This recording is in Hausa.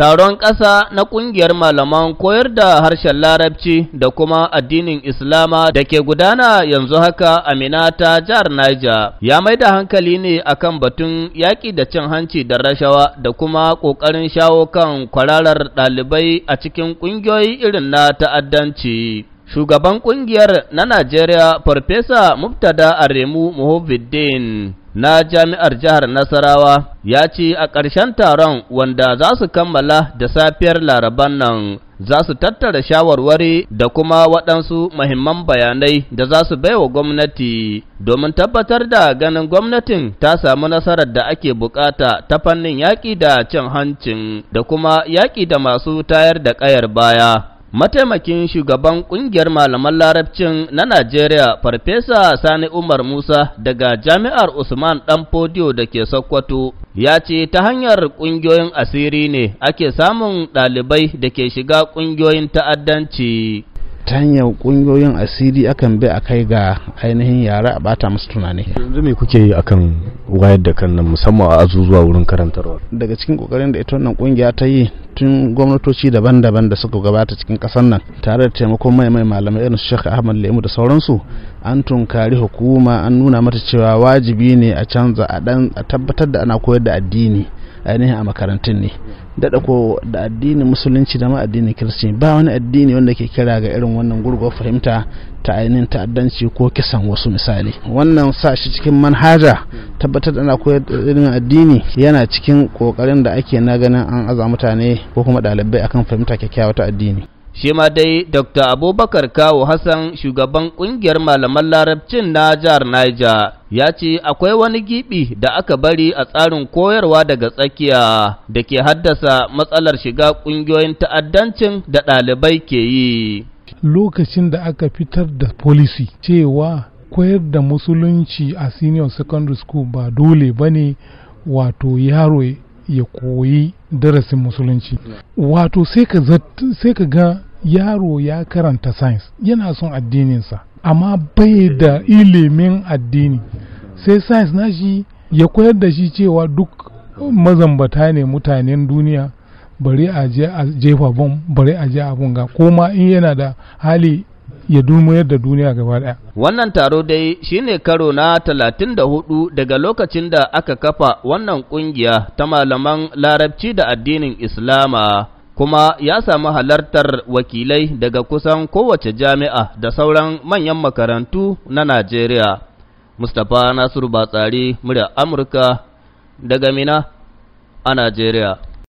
taron ƙasa na ƙungiyar malaman koyar da harshen larabci da kuma addinin islama da ke gudana yanzu haka a ta jihar Naija ya mai da hankali ne akan batun yaƙi da cin hanci da rashawa da kuma ƙoƙarin shawo kan kwararar ɗalibai a cikin ƙungiyoyi irin na ta'addanci. Shugaban ƙungiyar na Najeriya Farfesa Muftada Aremu Muhammadin na jami'ar jihar Nasarawa ya ce a ƙarshen taron wanda za su kammala da safiyar laraban nan za su tattara shawarwari da kuma waɗansu mahimman bayanai da za su baiwa gwamnati domin tabbatar da ganin gwamnatin ta samu nasarar da ake bukata ta fannin yaƙi da cin hancin da kuma yaƙi da masu tayar da ƙayar baya. Mataimakin shugaban ƙungiyar malaman larabcin na Najeriya, Farfesa Sani Umar Musa daga Jami'ar Usman Dan Fodiyo da ke Sokoto, ya ce ta hanyar ƙungiyoyin asiri ne ake samun ɗalibai da ke shiga ƙungiyoyin ta'addanci. ta hanyar ƙungiyoyin asiri akan bi a kai ga ainihin yara a bata musu tunani. yanzu me kuke yi akan wayar da kan nan musamman a azuzuwa wurin karantarwa. daga cikin ƙoƙarin da ita wannan ƙungiya ta yi cikin gwamnatoci daban-daban da suka gabata cikin kasar nan tare da taimakon mai mai malamai irin Sheikh Ahmad Lemu da sauransu an tunkari hukuma an nuna mata cewa wajibi ne a canza a dan a tabbatar da ana koyar da addini ainihin a makarantun ne daɗa ko da addinin musulunci da ma addinin kiristanci ba wani addini wanda ke kira ga irin wannan gurguwar fahimta ta ainihin ta'addanci ko kisan wasu misali wannan sa shi cikin manhaja tabbatar da ana koyar da ilimin addini yana cikin kokarin da ake na ganin an aza mutane ko kuma ɗalibai akan fahimta kyakkyawa ta addini shi ma dai dr abubakar kawo hassan shugaban kungiyar malaman larabcin na jihar niger ya ce akwai wani gibi da aka bari a tsarin koyarwa daga tsakiya da ke haddasa matsalar shiga kungiyoyin ta'addancin da ɗalibai ke yi lokacin da aka fitar da policy cewa koyar da musulunci a senior secondary school ba dole ba ne wato yaro ya koyi darasin musulunci wato sai ka ga yaro ya karanta science yana son addininsa amma bai da ilimin addini sai science shi ya koyar da shi cewa duk mazambata ne mutanen duniya bari a je a jefa bom bari a je abun ga ko in yana da hali ya dumo da duniya gaba daya. Wannan taro dai shine karo na talatin da hudu daga lokacin da aka kafa wannan kungiya ta malaman larabci da addinin Islama kuma ya samu halartar wakilai daga kusan kowace jami'a da sauran manyan makarantu na Najeriya. Mustapha Nasiru Batsari, murya Amurka daga Mina a Najeriya.